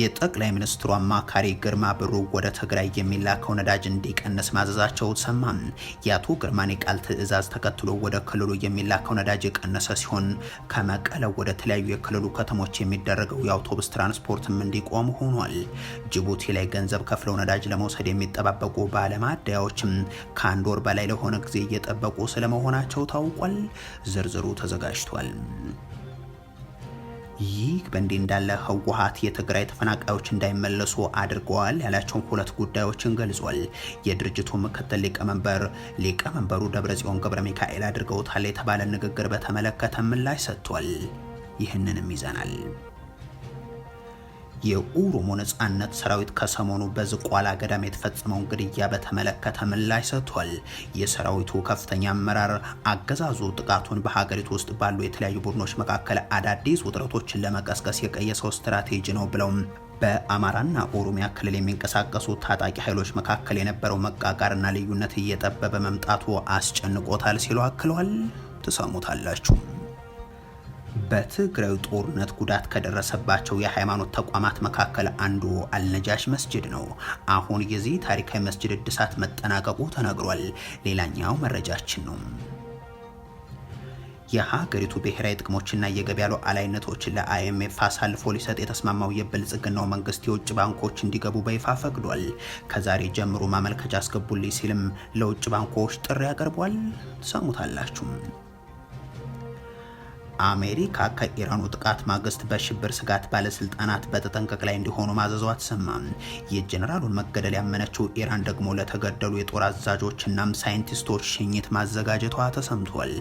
የጠቅላይ ሚኒስትሩ አማካሪ ግርማ ብሩ ወደ ትግራይ የሚላከው ነዳጅ እንዲቀንስ ማዘዛቸው ሰማም። የአቶ ግርማን የቃል ትዕዛዝ ተከትሎ ወደ ክልሉ የሚላከው ነዳጅ የቀነሰ ሲሆን ከመቀለ ወደ ተለያዩ የክልሉ ከተሞች የሚደረገው የአውቶቡስ ትራንስፖርትም እንዲቆም ሆኗል። ጅቡቲ ላይ ገንዘብ ከፍለው ነዳጅ ለመውሰድ የሚጠባበቁ ባለማደያዎችም ከአንድ ወር በላይ ለሆነ ጊዜ እየጠበቁ ስለመሆናቸው ታውቋል። ዝርዝሩ ተዘጋጅቷል። ይህ በእንዲህ እንዳለ ህወሓት የትግራይ ተፈናቃዮች እንዳይመለሱ አድርገዋል ያላቸውን ሁለት ጉዳዮችን ገልጿል። የድርጅቱ ምክትል ሊቀመንበር ሊቀመንበሩ ደብረጽዮን ገብረ ሚካኤል አድርገውታል የተባለ ንግግር በተመለከተ ምላሽ ሰጥቷል። ይህንንም ይዘናል። የኦሮሞ ነጻነት ሰራዊት ከሰሞኑ በዝቋላ ገዳም የተፈጸመውን ግድያ በተመለከተ ምላሽ ሰጥቷል። የሰራዊቱ ከፍተኛ አመራር አገዛዙ ጥቃቱን በሀገሪቱ ውስጥ ባሉ የተለያዩ ቡድኖች መካከል አዳዲስ ውጥረቶችን ለመቀስቀስ የቀየሰው ስትራቴጂ ነው ብለውም በአማራና ኦሮሚያ ክልል የሚንቀሳቀሱ ታጣቂ ኃይሎች መካከል የነበረው መቃቃርና ልዩነት እየጠበበ መምጣቱ አስጨንቆታል ሲሉ አክለዋል። ትሰሙታላችሁ። በትግራይ ጦርነት ጉዳት ከደረሰባቸው የሃይማኖት ተቋማት መካከል አንዱ አልነጃሽ መስጅድ ነው። አሁን የዚህ ታሪካዊ መስጅድ እድሳት መጠናቀቁ ተነግሯል። ሌላኛው መረጃችን ነው። የሀገሪቱ ብሔራዊ ጥቅሞችና የገበያ ሉዓላዊነቶችን ለአይኤምኤፍ አሳልፎ ሊሰጥ የተስማማው የብልጽግናው መንግስት የውጭ ባንኮች እንዲገቡ በይፋ ፈቅዷል። ከዛሬ ጀምሮ ማመልከቻ አስገቡልኝ ሲልም ለውጭ ባንኮች ጥሪ አቅርቧል። ሰሙታላችሁም። አሜሪካ ከኢራኑ ጥቃት ማግስት በሽብር ስጋት ባለስልጣናት በተጠንቀቅ ላይ እንዲሆኑ ማዘዟ ተሰማ። የጄኔራሉን መገደል ያመነችው ኢራን ደግሞ ለተገደሉ የጦር አዛዦች እናም ሳይንቲስቶች ሽኝት ማዘጋጀቷ ተሰምቷል።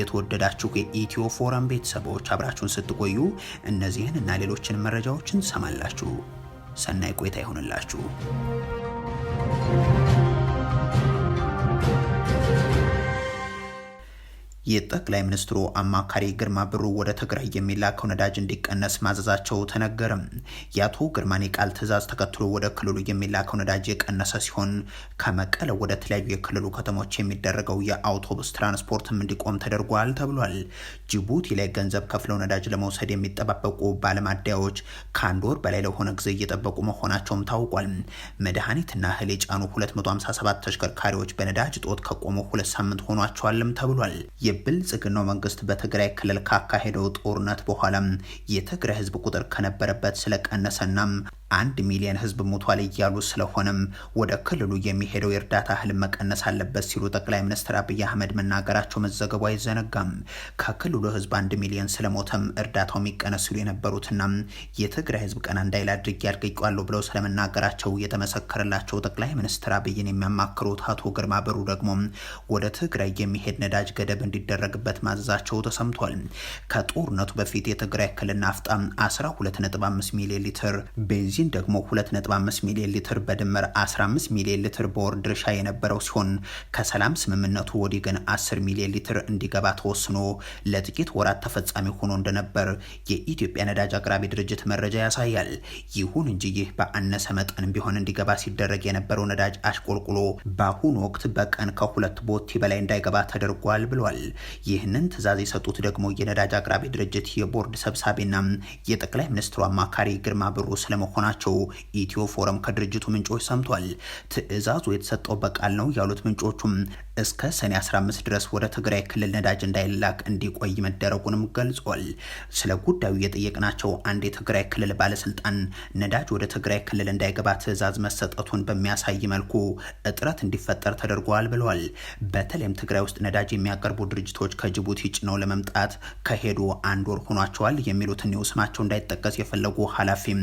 የተወደዳችሁ የኢትዮ ፎረም ቤተሰቦች አብራችሁን ስትቆዩ እነዚህን እና ሌሎችን መረጃዎችን ሰማላችሁ። ሰናይ ቆይታ ይሆንላችሁ። የጠቅላይ ሚኒስትሩ አማካሪ ግርማ ብሩ ወደ ትግራይ የሚላከው ነዳጅ እንዲቀነስ ማዘዛቸው ተነገረም። የአቶ ግርማን የቃል ትዕዛዝ ተከትሎ ወደ ክልሉ የሚላከው ነዳጅ የቀነሰ ሲሆን ከመቀለ ወደ ተለያዩ የክልሉ ከተሞች የሚደረገው የአውቶቡስ ትራንስፖርትም እንዲቆም ተደርጓል ተብሏል። ጅቡቲ ላይ ገንዘብ ከፍለው ነዳጅ ለመውሰድ የሚጠባበቁ ባለማደያዎች ከአንድ ወር በላይ ለሆነ ጊዜ እየጠበቁ መሆናቸውም ታውቋል። መድኃኒትና እህል የጫኑ 257 ተሽከርካሪዎች በነዳጅ ጦት ከቆሙ ሁለት ሳምንት ሆኗቸዋልም ተብሏል። የብልጽግናው መንግስት በትግራይ ክልል ካካሄደው ጦርነት በኋላ የትግራይ ህዝብ ቁጥር ከነበረበት ስለቀነሰና አንድ ሚሊዮን ህዝብ ሞቷል እያሉ ስለሆነም ወደ ክልሉ የሚሄደው የእርዳታ እህል መቀነስ አለበት ሲሉ ጠቅላይ ሚኒስትር አብይ አህመድ መናገራቸው መዘገቡ አይዘነጋም። ከክልሉ ህዝብ አንድ ሚሊዮን ስለሞተም እርዳታው የሚቀነስ ሲሉ የነበሩትና የትግራይ ህዝብ ቀና እንዳይል አድርጌ ያልገጫዋለሁ ብለው ስለመናገራቸው የተመሰከረላቸው ጠቅላይ ሚኒስትር አብይን የሚያማክሩት አቶ ግርማ ብሩ ደግሞ ወደ ትግራይ የሚሄድ ነዳጅ ገደብ እንዲደረግበት ማዘዛቸው ተሰምቷል። ከጦርነቱ በፊት የትግራይ ክልል ናፍጣ 12.5 ሚሊዮን ሊትር ቤንዚን ቤንዚን ደግሞ 2.5 ሚሊዮን ሊትር በድምር 15 ሚሊዮን ሊትር በወር ድርሻ የነበረው ሲሆን ከሰላም ስምምነቱ ወዲህ ግን 10 ሚሊዮን ሊትር እንዲገባ ተወስኖ ለጥቂት ወራት ተፈጻሚ ሆኖ እንደነበር የኢትዮጵያ ነዳጅ አቅራቢ ድርጅት መረጃ ያሳያል። ይሁን እንጂ ይህ በአነሰ መጠን ቢሆን እንዲገባ ሲደረግ የነበረው ነዳጅ አሽቆልቁሎ በአሁኑ ወቅት በቀን ከሁለት ቦቲ በላይ እንዳይገባ ተደርጓል ብሏል። ይህንን ትዕዛዝ የሰጡት ደግሞ የነዳጅ አቅራቢ ድርጅት የቦርድ ሰብሳቢና የጠቅላይ ሚኒስትሩ አማካሪ ግርማ ብሩ ስለመሆናል ናቸው። ኢትዮ ፎረም ከድርጅቱ ምንጮች ሰምቷል። ትዕዛዙ የተሰጠው በቃል ነው ያሉት ምንጮቹም እስከ ሰኔ 15 ድረስ ወደ ትግራይ ክልል ነዳጅ እንዳይላክ እንዲቆይ መደረጉንም ገልጿል። ስለ ጉዳዩ የጠየቅናቸው አንድ የትግራይ ክልል ባለስልጣን ነዳጅ ወደ ትግራይ ክልል እንዳይገባ ትዕዛዝ መሰጠቱን በሚያሳይ መልኩ እጥረት እንዲፈጠር ተደርጓል ብለል። በተለይም ትግራይ ውስጥ ነዳጅ የሚያቀርቡ ድርጅቶች ከጅቡቲ ጭነው ለመምጣት ከሄዱ አንድ ወር ሆኗቸዋል የሚሉት እኒው ስማቸው እንዳይጠቀስ የፈለጉ ኃላፊም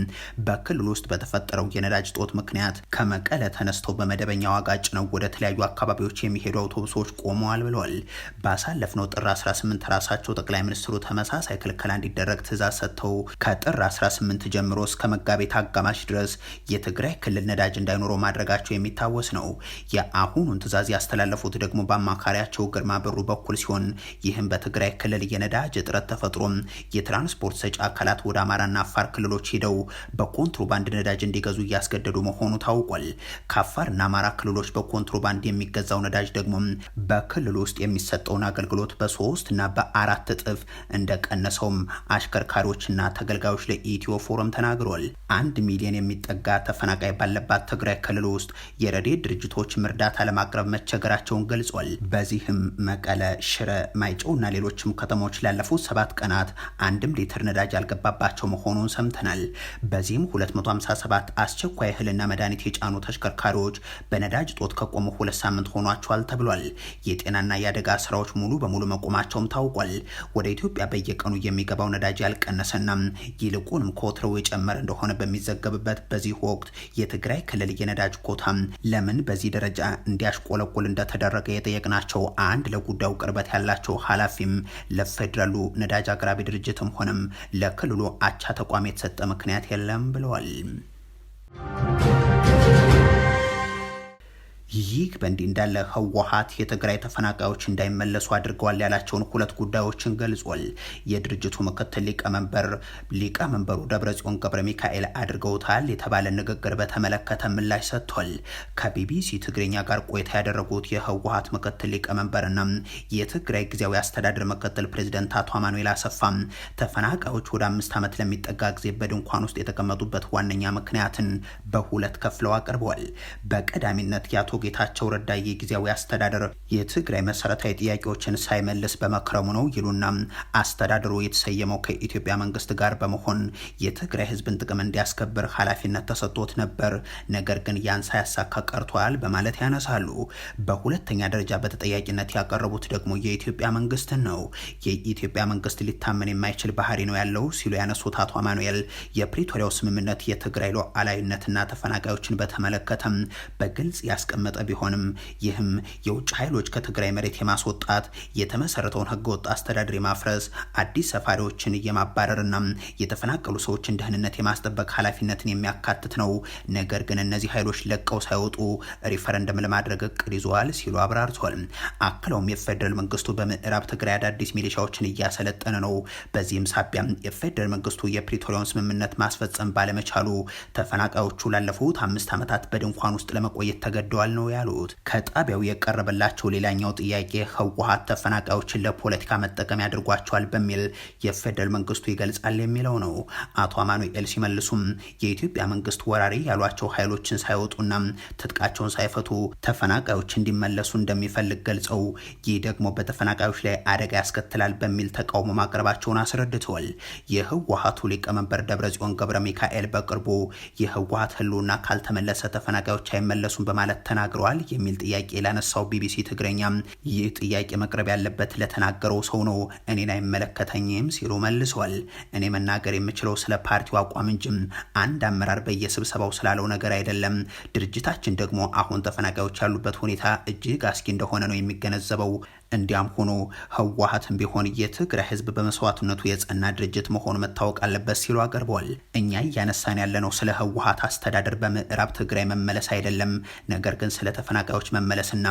በክልል ውስጥ በተፈጠረው የነዳጅ ጦት ምክንያት ከመቀለ ተነስተው በመደበኛ ዋጋ ጭነው ወደ ተለያዩ አካባቢዎች የሚሄዱ አውቶቡሶች ቆመዋል ብለዋል። ባሳለፍነው ጥር 18 ራሳቸው ጠቅላይ ሚኒስትሩ ተመሳሳይ ክልከላ እንዲደረግ ትእዛዝ ሰጥተው ከጥር 18 ጀምሮ እስከ መጋቢት አጋማሽ ድረስ የትግራይ ክልል ነዳጅ እንዳይኖረው ማድረጋቸው የሚታወስ ነው። የአሁኑን ትእዛዝ ያስተላለፉት ደግሞ በአማካሪያቸው ግርማ ብሩ በኩል ሲሆን ይህም በትግራይ ክልል የነዳጅ እጥረት ተፈጥሮም የትራንስፖርት ሰጪ አካላት ወደ አማራና አፋር ክልሎች ሄደው በኮንትሮባንድ ነዳጅ እንዲገዙ እያስገደዱ መሆኑ ታውቋል። ከአፋርና አማራ ክልሎች በኮንትሮባንድ የሚገዛው ነዳጅ ደግሞ ተቃውሞም በክልል ውስጥ የሚሰጠውን አገልግሎት በሶስት እና በአራት እጥፍ እንደቀነሰውም አሽከርካሪዎችና ተገልጋዮች ለኢትዮ ፎረም ተናግሯል። አንድ ሚሊዮን የሚጠጋ ተፈናቃይ ባለባት ትግራይ ክልል ውስጥ የረዴ ድርጅቶች እርዳታ ለማቅረብ መቸገራቸውን ገልጿል። በዚህም መቀለ፣ ሽረ፣ ማይጨውና ሌሎችም ከተሞች ላለፉት ሰባት ቀናት አንድም ሊትር ነዳጅ ያልገባባቸው መሆኑን ሰምተናል። በዚህም 257 አስቸኳይ እህልና መድኃኒት የጫኑ ተሽከርካሪዎች በነዳጅ ጦት ከቆሙ ሁለት ሳምንት ሆኗቸዋል ተብሏል። ብሏል። የጤናና የአደጋ ስራዎች ሙሉ በሙሉ መቆማቸውም ታውቋል። ወደ ኢትዮጵያ በየቀኑ የሚገባው ነዳጅ ያልቀነሰና ይልቁንም ከወትረው የጨመረ እንደሆነ በሚዘገብበት በዚህ ወቅት የትግራይ ክልል የነዳጅ ኮታ ለምን በዚህ ደረጃ እንዲያሽቆለቁል እንደተደረገ የጠየቅናቸው አንድ ለጉዳዩ ቅርበት ያላቸው ኃላፊም ለፌዴራሉ ነዳጅ አቅራቢ ድርጅትም ሆነም ለክልሉ አቻ ተቋም የተሰጠ ምክንያት የለም ብለዋል። ይህ በእንዲህ እንዳለ ህወሓት የትግራይ ተፈናቃዮች እንዳይመለሱ አድርገዋል ያላቸውን ሁለት ጉዳዮችን ገልጿል። የድርጅቱ ምክትል ሊቀመንበር ሊቀመንበሩ ደብረጽዮን ገብረ ሚካኤል አድርገውታል የተባለ ንግግር በተመለከተ ምላሽ ሰጥቷል። ከቢቢሲ ትግርኛ ጋር ቆይታ ያደረጉት የህወሓት ምክትል ሊቀመንበርና የትግራይ ጊዜያዊ አስተዳደር ምክትል ፕሬዚደንት አቶ አማኑኤል አሰፋ ተፈናቃዮች ወደ አምስት ዓመት ለሚጠጋ ጊዜ በድንኳን ውስጥ የተቀመጡበት ዋነኛ ምክንያትን በሁለት ከፍለው አቅርበዋል። በቀዳሚነት የአቶ ጌታቸው ረዳ የጊዜያዊ አስተዳደር የትግራይ መሰረታዊ ጥያቄዎችን ሳይመልስ በመክረሙ ነው ይሉና አስተዳደሩ የተሰየመው ከኢትዮጵያ መንግስት ጋር በመሆን የትግራይ ህዝብን ጥቅም እንዲያስከብር ኃላፊነት ተሰጥቶት ነበር፣ ነገር ግን ያን ሳያሳካ ቀርቷል በማለት ያነሳሉ። በሁለተኛ ደረጃ በተጠያቂነት ያቀረቡት ደግሞ የኢትዮጵያ መንግስትን ነው። የኢትዮጵያ መንግስት ሊታመን የማይችል ባህሪ ነው ያለው ሲሉ ያነሱት አቶ አማኑኤል የፕሪቶሪያው ስምምነት የትግራይ ሉዓላዊነትና ተፈናቃዮችን በተመለከተም በግልጽ ያስቀመጠ የተረጋገጠ ቢሆንም ይህም የውጭ ኃይሎች ከትግራይ መሬት የማስወጣት የተመሰረተውን ህገወጥ አስተዳደር የማፍረስ አዲስ ሰፋሪዎችን የማባረርና የተፈናቀሉ ሰዎችን ደህንነት የማስጠበቅ ኃላፊነትን የሚያካትት ነው። ነገር ግን እነዚህ ኃይሎች ለቀው ሳይወጡ ሪፈረንደም ለማድረግ እቅድ ይዘዋል ሲሉ አብራርቷል። አክለውም የፌደራል መንግስቱ በምዕራብ ትግራይ አዳዲስ ሚሊሻዎችን እያሰለጠነ ነው። በዚህም ሳቢያ የፌደራል መንግስቱ የፕሪቶሪያውን ስምምነት ማስፈጸም ባለመቻሉ ተፈናቃዮቹ ላለፉት አምስት ዓመታት በድንኳን ውስጥ ለመቆየት ተገደዋል ነው ያሉት። ከጣቢያው የቀረበላቸው ሌላኛው ጥያቄ ህወሓት ተፈናቃዮችን ለፖለቲካ መጠቀም ያድርጓቸዋል በሚል የፌደራል መንግስቱ ይገልጻል የሚለው ነው። አቶ አማኑኤል ሲመልሱም የኢትዮጵያ መንግስት ወራሪ ያሏቸው ኃይሎችን ሳይወጡና ትጥቃቸውን ሳይፈቱ ተፈናቃዮች እንዲመለሱ እንደሚፈልግ ገልጸው ይህ ደግሞ በተፈናቃዮች ላይ አደጋ ያስከትላል በሚል ተቃውሞ ማቅረባቸውን አስረድተዋል። የህወሓቱ ሊቀመንበር ደብረጽዮን ገብረ ሚካኤል በቅርቡ የህወሓት ህልውና ካልተመለሰ ተፈናቃዮች አይመለሱም በማለት ተናግረዋል። ተናግረዋል የሚል ጥያቄ ላነሳው ቢቢሲ ትግረኛ ይህ ጥያቄ መቅረብ ያለበት ለተናገረው ሰው ነው፣ እኔን አይመለከተኝም ሲሉ መልሰዋል። እኔ መናገር የምችለው ስለ ፓርቲው አቋም እንጂ አንድ አመራር በየስብሰባው ስላለው ነገር አይደለም። ድርጅታችን ደግሞ አሁን ተፈናቃዮች ያሉበት ሁኔታ እጅግ አስጊ እንደሆነ ነው የሚገነዘበው። እንዲያም ሆኖ ህወሀትም ቢሆን የትግራይ ህዝብ በመስዋዕትነቱ የጸና ድርጅት መሆኑ መታወቅ አለበት ሲሉ አቅርበዋል። እኛ እያነሳን ያለነው ስለ ህወሀት አስተዳደር በምዕራብ ትግራይ መመለስ አይደለም፣ ነገር ግን ስለ ተፈናቃዮች መመለስና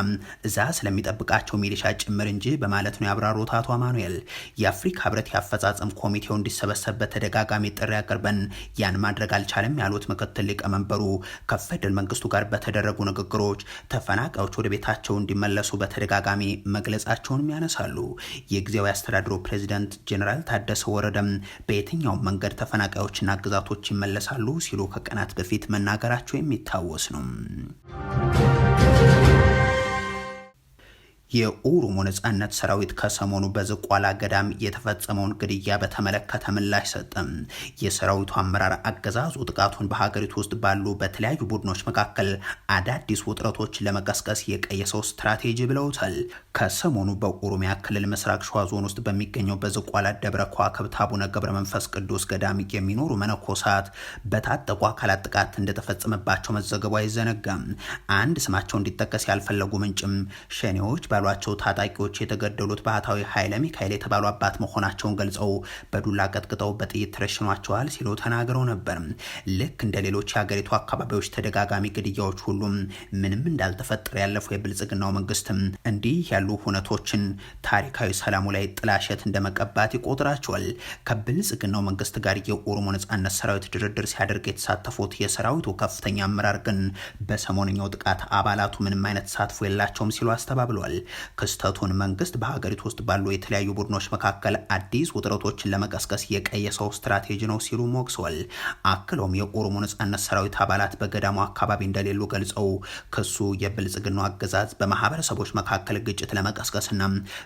እዛ ስለሚጠብቃቸው ሚሊሻ ጭምር እንጂ በማለት ነው ያብራሩት አቶ አማኑኤል። የአፍሪካ ህብረት የአፈጻጸም ኮሚቴው እንዲሰበሰብ በተደጋጋሚ ጥሪ አቅርበን ያን ማድረግ አልቻለም ያሉት ምክትል ሊቀመንበሩ ከፌደራል መንግስቱ ጋር በተደረጉ ንግግሮች ተፈናቃዮች ወደ ቤታቸው እንዲመለሱ በተደጋጋሚ መግለጽ ገጻቸውንም ያነሳሉ። የጊዜያዊ አስተዳድሮ ፕሬዚደንት ጀኔራል ታደሰ ወረደም በየትኛውም መንገድ ተፈናቃዮችና ግዛቶች ይመለሳሉ ሲሉ ከቀናት በፊት መናገራቸው የሚታወስ ነው። የኦሮሞ ነጻነት ሰራዊት ከሰሞኑ በዝቋላ ገዳም የተፈጸመውን ግድያ በተመለከተ ምላሽ ሰጠም። የሰራዊቱ አመራር አገዛዙ ጥቃቱን በሀገሪቱ ውስጥ ባሉ በተለያዩ ቡድኖች መካከል አዳዲስ ውጥረቶች ለመቀስቀስ የቀየሰው ስትራቴጂ ብለውታል። ከሰሞኑ በኦሮሚያ ክልል ምስራቅ ሸዋ ዞን ውስጥ በሚገኘው በዝቋላ ደብረ ከዋክብት አቡነ ገብረ መንፈስ ቅዱስ ገዳም የሚኖሩ መነኮሳት በታጠቁ አካላት ጥቃት እንደተፈጸመባቸው መዘገቡ አይዘነጋም። አንድ ስማቸው እንዲጠቀስ ያልፈለጉ ምንጭም ሸኔዎች ባሏቸው ታጣቂዎች የተገደሉት ባህታዊ ኃይለ ሚካኤል የተባሉ አባት መሆናቸውን ገልጸው በዱላ ቀጥቅጠው በጥይት ተረሽኗቸዋል ሲሉ ተናግረው ነበር። ልክ እንደ ሌሎች የሀገሪቱ አካባቢዎች ተደጋጋሚ ግድያዎች ሁሉም ምንም እንዳልተፈጠረ ያለፈው የብልጽግናው መንግስትም እንዲህ ያሉ ሁነቶችን ታሪካዊ ሰላሙ ላይ ጥላሸት እንደመቀባት ይቆጥራቸዋል። ከብልጽግናው መንግስት ጋር የኦሮሞ ነጻነት ሰራዊት ድርድር ሲያደርግ የተሳተፉት የሰራዊቱ ከፍተኛ አመራር ግን በሰሞንኛው ጥቃት አባላቱ ምንም አይነት ተሳትፎ የላቸውም ሲሉ አስተባብለዋል። ክስተቱን መንግስት በሀገሪቱ ውስጥ ባሉ የተለያዩ ቡድኖች መካከል አዲስ ውጥረቶችን ለመቀስቀስ የቀየሰው ስትራቴጂ ነው ሲሉ ሞግሰዋል። አክለውም የኦሮሞ ነጻነት ሰራዊት አባላት በገዳሙ አካባቢ እንደሌሉ ገልጸው ክሱ የብልጽግናው አገዛዝ በማህበረሰቦች መካከል ግጭት ለመቀስቀስና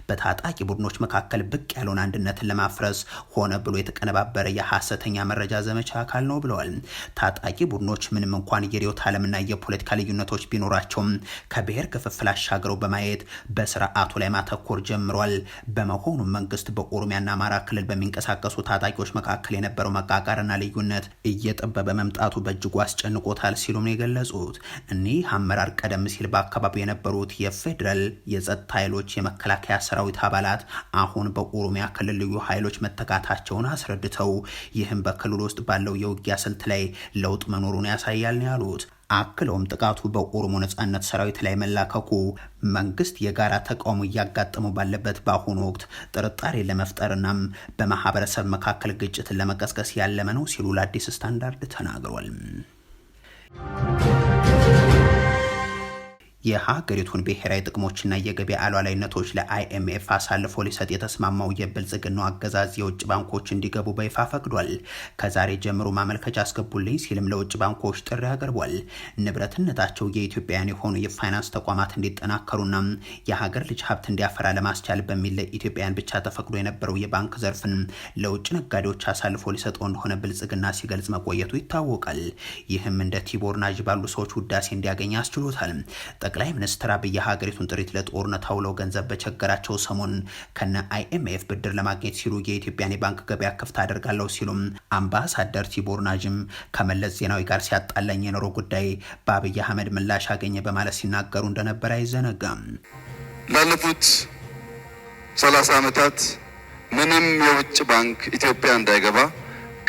በታጣቂ ቡድኖች መካከል ብቅ ያለውን አንድነትን ለማፍረስ ሆነ ብሎ የተቀነባበረ የሀሰተኛ መረጃ ዘመቻ አካል ነው ብለዋል። ታጣቂ ቡድኖች ምንም እንኳን የርዕዮተ ዓለምና የፖለቲካ ልዩነቶች ቢኖራቸውም ከብሔር ክፍፍል አሻግረው በማየት በስርዓቱ ላይ ማተኮር ጀምሯል። በመሆኑም መንግስት በኦሮሚያና አማራ ክልል በሚንቀሳቀሱ ታጣቂዎች መካከል የነበረው መቃቃርና ልዩነት እየጠበበ መምጣቱ በእጅጉ አስጨንቆታል ሲሉም ነው የገለጹት። እኒህ አመራር ቀደም ሲል በአካባቢው የነበሩት የፌዴራል የጸጥታ ኃይሎች የመከላከያ ሰራዊት አባላት አሁን በኦሮሚያ ክልል ልዩ ኃይሎች መተካታቸውን አስረድተው ይህም በክልል ውስጥ ባለው የውጊያ ስልት ላይ ለውጥ መኖሩን ያሳያል ነው ያሉት። አክለውም ጥቃቱ በኦሮሞ ነጻነት ሰራዊት ላይ መላከኩ መንግስት የጋራ ተቃውሞ እያጋጠመው ባለበት በአሁኑ ወቅት ጥርጣሬ ለመፍጠርናም በማህበረሰብ መካከል ግጭትን ለመቀስቀስ ያለመ ነው ሲሉ ለአዲስ ስታንዳርድ ተናግሯል። የሀገሪቱን ብሔራዊ ጥቅሞችና የገበያ አሏላይነቶች ለአይኤምኤፍ አሳልፎ ሊሰጥ የተስማማው የብልጽግናው አገዛዝ የውጭ ባንኮች እንዲገቡ በይፋ ፈቅዷል። ከዛሬ ጀምሮ ማመልከቻ አስገቡልኝ ሲልም ለውጭ ባንኮች ጥሪ አቅርቧል። ንብረትነታቸው የኢትዮጵያውያን የሆኑ የፋይናንስ ተቋማት እንዲጠናከሩና የሀገር ልጅ ሀብት እንዲያፈራ ለማስቻል በሚል ለኢትዮጵያውያን ብቻ ተፈቅዶ የነበረው የባንክ ዘርፍን ለውጭ ነጋዴዎች አሳልፎ ሊሰጠው እንደሆነ ብልጽግና ሲገልጽ መቆየቱ ይታወቃል። ይህም እንደ ቲቦር ናጅ ባሉ ሰዎች ውዳሴ እንዲያገኝ አስችሎታል። ጠቅላይ ሚኒስትር አብይ ሀገሪቱን ጥሪት ለጦርነት አውለው ገንዘብ በቸገራቸው ሰሞን ከነ አይኤምኤፍ ብድር ለማግኘት ሲሉ የኢትዮጵያን የባንክ ገበያ ክፍት አደርጋለሁ ሲሉም አምባሳደር ቲቦር ናጅም ከመለስ ዜናዊ ጋር ሲያጣላኝ የኖረው ጉዳይ በአብይ አህመድ ምላሽ አገኘ በማለት ሲናገሩ እንደነበር አይዘነጋም። ላለፉት ሰላሳ ዓመታት ምንም የውጭ ባንክ ኢትዮጵያ እንዳይገባ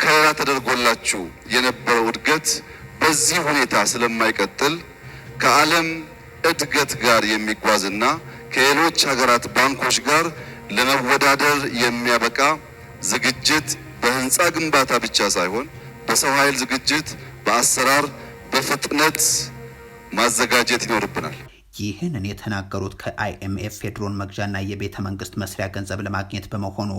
ከራ ተደርጎላችሁ የነበረው እድገት በዚህ ሁኔታ ስለማይቀጥል ከዓለም እድገት ጋር የሚጓዝና ከሌሎች ሀገራት ባንኮች ጋር ለመወዳደር የሚያበቃ ዝግጅት በህንፃ ግንባታ ብቻ ሳይሆን በሰው ኃይል ዝግጅት፣ በአሰራር፣ በፍጥነት ማዘጋጀት ይኖርብናል። ይህንን የተናገሩት ከአይኤምኤፍ የድሮን መግዣና የቤተ መንግስት መስሪያ ገንዘብ ለማግኘት በመሆኑ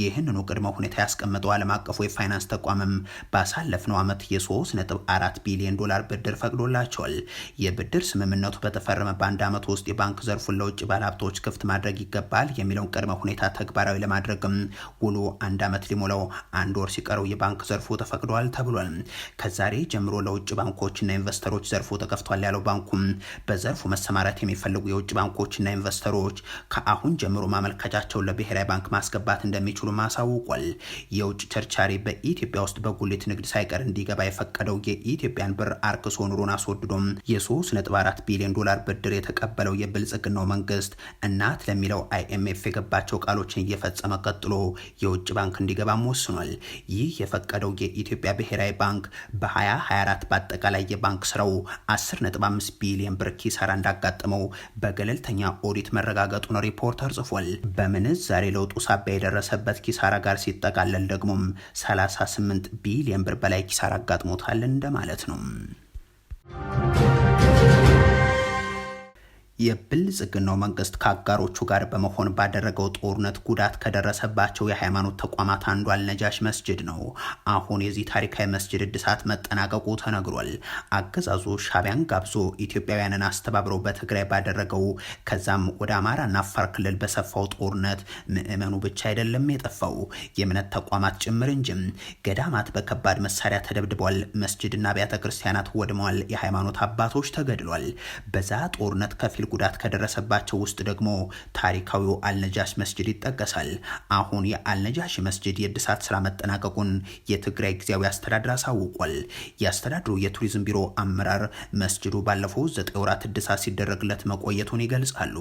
ይህንኑ ቅድመ ሁኔታ ያስቀመጠው ዓለም አቀፉ የፋይናንስ ተቋምም ባሳለፍነው ዓመት የ3.4 ቢሊዮን ዶላር ብድር ፈቅዶላቸዋል። የብድር ስምምነቱ በተፈረመ በአንድ ዓመት ውስጥ የባንክ ዘርፉን ለውጭ ባለሀብቶች ክፍት ማድረግ ይገባል የሚለውን ቅድመ ሁኔታ ተግባራዊ ለማድረግም ውሉ አንድ ዓመት ሊሞላው አንድ ወር ሲቀረው የባንክ ዘርፉ ተፈቅዷል ተብሏል። ከዛሬ ጀምሮ ለውጭ ባንኮችና ኢንቨስተሮች ዘርፉ ተከፍቷል ያለው ባንኩም በዘርፉ መሰማራ ማሰማራት የሚፈልጉ የውጭ ባንኮችና ኢንቨስተሮች ከአሁን ጀምሮ ማመልከቻቸውን ለብሔራዊ ባንክ ማስገባት እንደሚችሉ ማሳውቋል። የውጭ ቸርቻሪ በኢትዮጵያ ውስጥ በጉሊት ንግድ ሳይቀር እንዲገባ የፈቀደው የኢትዮጵያን ብር አርክሶ ኑሮን አስወድዶም የ3.4 ቢሊዮን ዶላር ብድር የተቀበለው የብልጽግናው መንግስት እናት ለሚለው አይኤምኤፍ የገባቸው ቃሎችን እየፈጸመ ቀጥሎ የውጭ ባንክ እንዲገባም ወስኗል። ይህ የፈቀደው የኢትዮጵያ ብሔራዊ ባንክ በ2024 በአጠቃላይ የባንክ ስራው 10.5 ቢሊዮን ብር ኪሳራ እንዳጋ እንዳጋጠመው በገለልተኛ ኦዲት መረጋገጡን ሪፖርተር ጽፏል። በምንዛሬ ለውጡ ሳቢያ የደረሰበት ኪሳራ ጋር ሲጠቃለል ደግሞም 38 ቢሊዮን ብር በላይ ኪሳራ አጋጥሞታል እንደማለት ነው። የብልጽግናው መንግስት ከአጋሮቹ ጋር በመሆን ባደረገው ጦርነት ጉዳት ከደረሰባቸው የሃይማኖት ተቋማት አንዱ አልነጃሽ መስጅድ ነው። አሁን የዚህ ታሪካዊ መስጅድ እድሳት መጠናቀቁ ተነግሯል። አገዛዙ ሻቢያን ጋብዞ ኢትዮጵያውያንን አስተባብረው በትግራይ ባደረገው ከዛም ወደ አማራና አፋር ክልል በሰፋው ጦርነት ምዕመኑ ብቻ አይደለም የጠፋው የእምነት ተቋማት ጭምር እንጂም። ገዳማት በከባድ መሳሪያ ተደብድበዋል። መስጅድና አብያተ ክርስቲያናት ወድመዋል። የሃይማኖት አባቶች ተገድሏል። በዛ ጦርነት ከፊል ጉዳት ከደረሰባቸው ውስጥ ደግሞ ታሪካዊው አልነጃሽ መስጅድ ይጠቀሳል። አሁን የአልነጃሽ መስጅድ የእድሳት ስራ መጠናቀቁን የትግራይ ጊዜያዊ አስተዳደር አሳውቋል። የአስተዳድሩ የቱሪዝም ቢሮ አመራር መስጅዱ ባለፈው ዘጠኝ ወራት እድሳት ሲደረግለት መቆየቱን ይገልጻሉ።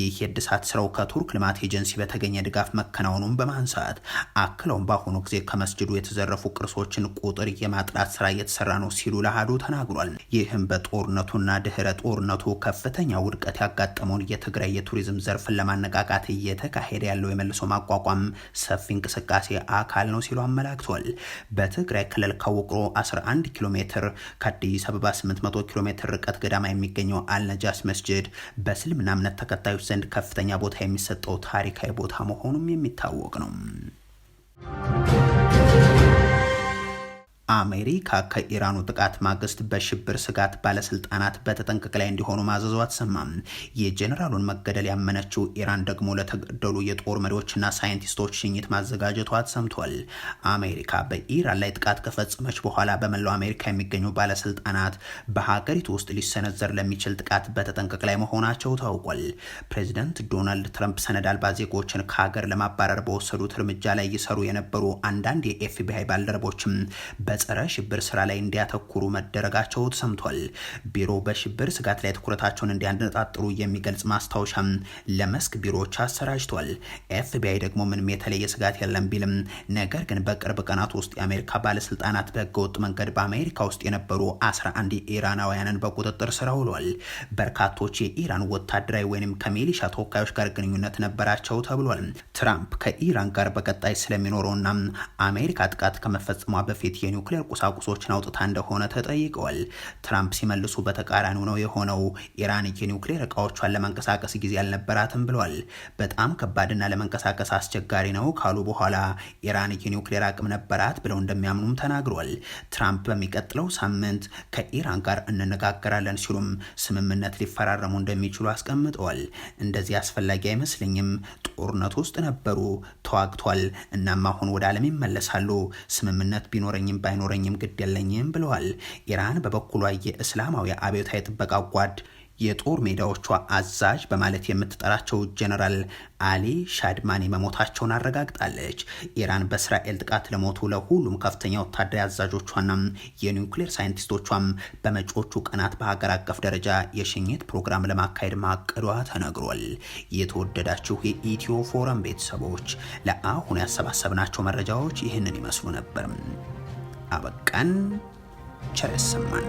ይህ የእድሳት ስራው ከቱርክ ልማት ኤጀንሲ በተገኘ ድጋፍ መከናወኑን በማንሳት አክለውም በአሁኑ ጊዜ ከመስጅዱ የተዘረፉ ቅርሶችን ቁጥር የማጥራት ስራ እየተሰራ ነው ሲሉ ለአሃዱ ተናግሯል። ይህም በጦርነቱና ድህረ ጦርነቱ ከፍተኛ ውድ ውድቀት ያጋጠመውን የትግራይ የቱሪዝም ዘርፍን ለማነቃቃት እየተካሄደ ያለው የመልሶ ማቋቋም ሰፊ እንቅስቃሴ አካል ነው ሲሉ አመላክቷል። በትግራይ ክልል ከውቅሮ 11 ኪሎ ሜትር ከአዲስ አበባ 800 ኪሎ ሜትር ርቀት ገዳማ የሚገኘው አልነጃስ መስጅድ በእስልምና እምነት ተከታዮች ዘንድ ከፍተኛ ቦታ የሚሰጠው ታሪካዊ ቦታ መሆኑም የሚታወቅ ነው። አሜሪካ ከኢራኑ ጥቃት ማግስት በሽብር ስጋት ባለስልጣናት በተጠንቀቅ ላይ እንዲሆኑ ማዘዙ አትሰማም። የጀኔራሉን መገደል ያመነችው ኢራን ደግሞ ለተገደሉ የጦር መሪዎችና ሳይንቲስቶች ሽኝት ማዘጋጀቷ ተሰምቷል። አሜሪካ በኢራን ላይ ጥቃት ከፈጸመች በኋላ በመላው አሜሪካ የሚገኙ ባለስልጣናት በሀገሪቱ ውስጥ ሊሰነዘር ለሚችል ጥቃት በተጠንቀቅ ላይ መሆናቸው ታውቋል። ፕሬዚደንት ዶናልድ ትራምፕ ሰነድ አልባ ዜጎችን ከሀገር ለማባረር በወሰዱት እርምጃ ላይ ይሰሩ የነበሩ አንዳንድ የኤፍቢአይ ባልደረቦችም በጸ በጸረ ሽብር ስራ ላይ እንዲያተኩሩ መደረጋቸው ተሰምቷል። ቢሮ በሽብር ስጋት ላይ ትኩረታቸውን እንዲያነጣጥሩ የሚገልጽ ማስታወሻም ለመስክ ቢሮዎች አሰራጅቷል። ኤፍቢአይ ደግሞ ምንም የተለየ ስጋት የለም ቢልም ነገር ግን በቅርብ ቀናት ውስጥ የአሜሪካ ባለስልጣናት በህገወጥ መንገድ በአሜሪካ ውስጥ የነበሩ 11 ኢራናውያንን በቁጥጥር ስራ ውሏል። በርካቶች የኢራን ወታደራዊ ወይም ከሚሊሻ ተወካዮች ጋር ግንኙነት ነበራቸው ተብሏል። ትራምፕ ከኢራን ጋር በቀጣይ ስለሚኖረውና አሜሪካ ጥቃት ከመፈጸሟ በፊት የኒውክሌር የኒውክሌር ቁሳቁሶችን አውጥታ እንደሆነ ተጠይቀዋል። ትራምፕ ሲመልሱ በተቃራኒው ነው የሆነው። ኢራን የኒውክሌር እቃዎቿን ለመንቀሳቀስ ጊዜ አልነበራትም ብሏል። በጣም ከባድና ለመንቀሳቀስ አስቸጋሪ ነው ካሉ በኋላ ኢራን የኒውክሌር አቅም ነበራት ብለው እንደሚያምኑም ተናግሯል። ትራምፕ በሚቀጥለው ሳምንት ከኢራን ጋር እንነጋገራለን ሲሉም ስምምነት ሊፈራረሙ እንደሚችሉ አስቀምጠዋል። እንደዚህ አስፈላጊ አይመስለኝም። ጦርነት ውስጥ ነበሩ፣ ተዋግቷል። እናም አሁን ወደ ዓለም ይመለሳሉ። ስምምነት ቢኖረኝም ባይኖረ ቢያኖረኝም ግድ የለኝም ብለዋል። ኢራን በበኩሏ የእስላማዊ አብዮታዊ ጥበቃ ጓድ የጦር ሜዳዎቿ አዛዥ በማለት የምትጠራቸው ጀነራል አሊ ሻድማኒ መሞታቸውን አረጋግጣለች። ኢራን በእስራኤል ጥቃት ለሞቱ ለሁሉም ከፍተኛ ወታደራዊ አዛዦቿና የኒውክሌር ሳይንቲስቶቿም በመጪዎቹ ቀናት በሀገር አቀፍ ደረጃ የሽኝት ፕሮግራም ለማካሄድ ማቀዷ ተነግሯል። የተወደዳችሁ የኢትዮ ፎረም ቤተሰቦች ለአሁን ያሰባሰብናቸው መረጃዎች ይህንን ይመስሉ ነበር። አበቃን። ቸር ያሰማን።